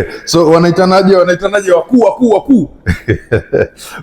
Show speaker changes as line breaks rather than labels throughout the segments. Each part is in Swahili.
so wanaitanaje, wanaitanaje wakuu wakuu wakuu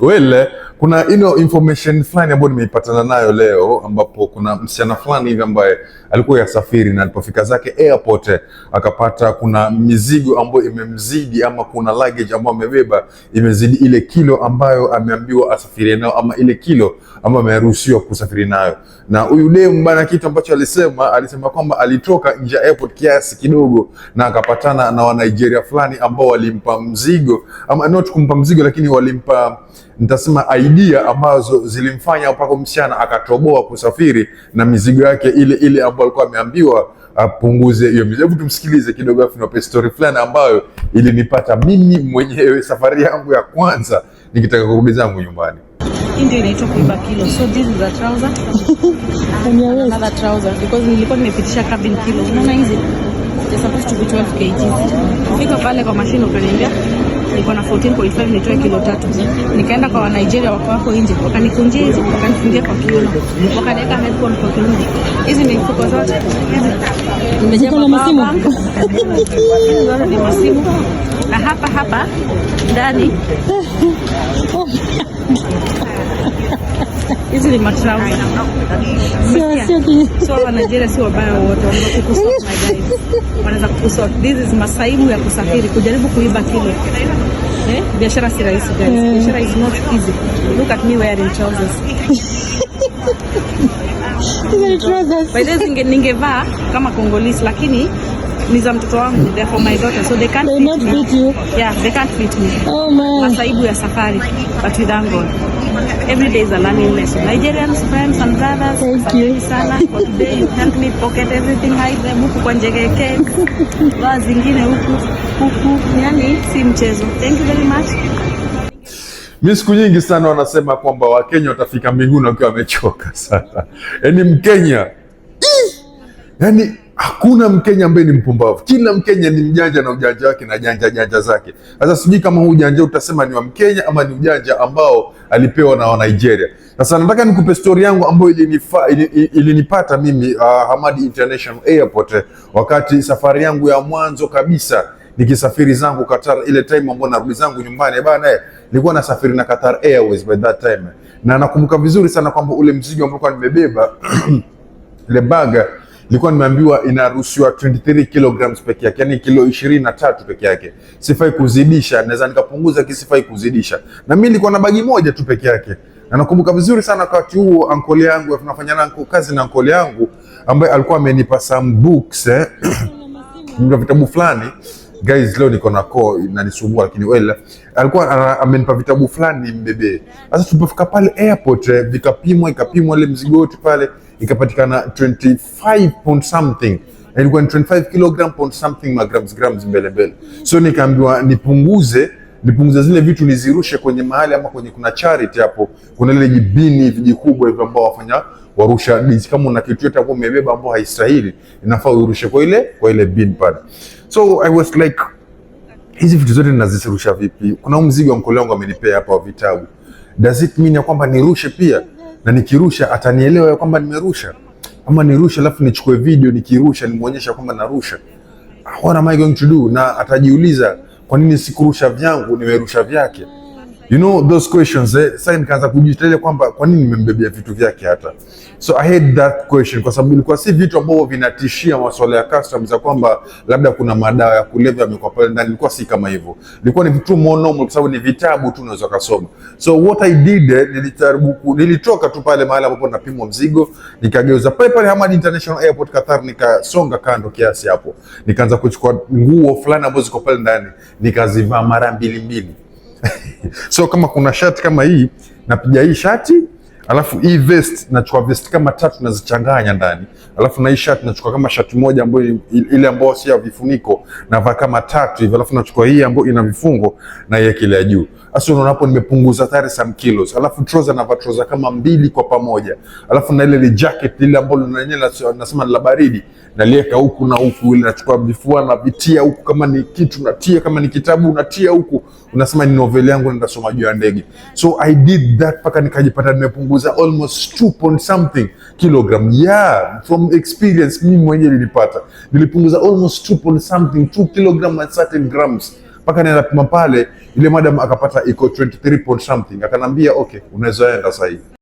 wele. Eh, kuna ino information fulani ambayo nimeipatana nayo leo, ambapo kuna msichana fulani hivi ambaye alikuwa yasafiri na alipofika zake airport eh, akapata kuna mizigo ambayo imemzidi ama kuna luggage ambayo amebeba imezidi ile kilo ambayo ameambiwa asafiri nayo ama ile kilo ambayo ameruhusiwa kusafiri nayo. Na huyu demu bana, kitu ambacho alisema alisema kwamba alitoka nje ya airport kiasi kidogo na akapatana na Wanigeria fulani fulani ambao walimpa mzigo ama not kumpa mzigo, lakini walimpa nitasema idea ambazo zilimfanya mpaka msichana akatoboa kusafiri na mizigo yake ile ile ambayo alikuwa ameambiwa apunguze hiyo mizigo. Hebu tumsikilize kidogo, afu niwape story fulani ambayo ilinipata mimi mwenyewe safari yangu ya kwanza nikitaka kurudi zangu nyumbani.
Hii ndio inaitwa kuiba kilo. So this is a trouser. Another trouser because nilikuwa nimepitisha cabin kilo. Unaona hizi kg 12 kgs. Kufika pale kwa mashine ukaniambia niko na 14.5 nitoe kilo tatu. Nikaenda kwa Nigeria wako wako nje, wakanikunjia hizi, wakanifungia kwa kiuno, wakaniweka headphone kwa kiuno. Hizi ni mfuko zote hizi,
na masimu
ni masimu, na hapa hapa ndani Hizi ni matrauza. Sio wa Nigeria sio wabaya wote, wanaweza kukusoft my guys. Wanaweza kukusoft. This is masaibu ya kusafiri, kujaribu kuiba kile. Eh? Biashara si rahisi guys. Eh. Biashara is not easy. Look at me wearing trousers. By the way, ningevaa kama Congolese lakini ni za mtoto wangu, they for my daughter so they can't fit me.
Yeah, they can't fit me.
Oh man. Masaibu ya safari but with angle. Every day is a learning lesson. Nigerians, friends and brothers. Thank you. Sana. For today you helped me pocket everything I them huku kwa Njegere Cakes. Baa zingine huku huku. Yani si mchezo. Thank you very much.
Mi siku nyingi sana wanasema kwamba Wakenya watafika mbinguni wakiwa wamechoka sana. Yaani Mkenya. Yaani Hakuna Mkenya ambaye ni mpumbavu. Kila Mkenya ni mjanja na ujanja wake na janja janja zake. Sasa sijui kama huu ujanja utasema ni wa Mkenya ama ni ujanja ambao alipewa na Wanigeria. Sasa nataka nikupe stori yangu ambayo ilinipata ili, ili mimi uh, Hamadi International Airport eh, wakati safari yangu ya mwanzo kabisa nikisafiri zangu Qatar, ile time ambayo narudi zangu nyumbani eh, bana, eh, nilikuwa nasafiri na Qatar Airways by that time, na nakumbuka vizuri sana kwamba ule mzigo ambao nimebeba ile baga nilikuwa nimeambiwa inaruhusiwa 23 kilograms peke yake, yani kilo 23 peke yake, sifai kuzidisha. Naweza nikapunguza, kisifai kuzidisha, na mimi nilikuwa na bagi moja tu peke yake. Na nakumbuka vizuri sana wakati huo ankoli yangu, tunafanya na kazi na ankoli yangu ambaye alikuwa amenipa some books eh, vitabu fulani guys, leo niko na koo inanisumbua, lakini wela alikuwa amenipa vitabu fulani nimbebee. Sasa tulipofika pale airport eh, vikapimwa ikapimwa ile mzigo wote pale ikapatikana 25 point something ilikuwa ni 25 kilogram point something magrams grams mbele mbele, so nikaambiwa nipunguze nipunguze zile vitu nizirushe kwenye mahali ama kwenye kuna charity hapo, kuna ile jibini vijikubwa hivyo ambao wafanya warusha kama una kitu yote ambao umebeba ambao haistahili, inafaa urushe kwa ile kwa ile bin pale. So I was like hizi vitu zote nazisirusha vipi? Kuna mzigo mkole wangu amenipea hapa wa vitabu. Does it mean ya kwamba nirushe pia? Na nikirusha atanielewa ya kwamba nimerusha? Ama nirushe alafu nichukue video nikirusha nimuonyesha kwamba narusha? What am I going to do? Na atajiuliza kwa nini sikurusha vyangu nimerusha vyake? you know those questions eh? Sasa nikaanza kujitetea kwamba kwa nini nimembebea vitu vyake hata so I had that question, kwa sababu ilikuwa si vitu ambavyo vinatishia masuala ya customs za kwamba labda kuna madawa ya kulevya yamekuwa pale ndani, ilikuwa si kama hivyo, ilikuwa ni vitu monomo, kwa sababu ni vitabu tu unaweza kusoma. So what I did eh, nilitaribu nilitoka tu pale mahali ambapo napimwa mzigo, nikageuza pale pale Hamad International Airport Qatar, nikasonga kando kiasi hapo, nikaanza kuchukua nguo fulani ambazo ziko pale ndani, nikazivaa mara mbili mbili so kama kuna shati kama hii napiga hii shati alafu hii vest nachukua vest kama tatu nazichanganya ndani, alafu na hii shati nachukua kama shati moja ambayo ile ambayo sio vifuniko navaa kama tatu hivi, alafu nachukua hii ambayo ina vifungo na ile ya juu hasa unaona nimepunguza tayari some kilos, alafu troza na vatroza kama mbili kwa pamoja, alafu na ile ile jacket ile ambayo na yenyewe nasema la baridi naliweka huku na huku, ile nachukua vifua na vitia huku, kama ni kitu natia, kama ni kitabu natia huku, unasema ni novel yangu nitasoma juu ya ndege. So I did that paka nikajipata nimepunguza almost 2 point something kilogram. Yeah, from experience mimi mwenyewe nilipata nilipunguza almost 2 point something 2 kilogram and certain grams mpaka nenda pima pale, ile madam akapata iko 23 point something, akanambia okay, unawezaenda sasa hivi.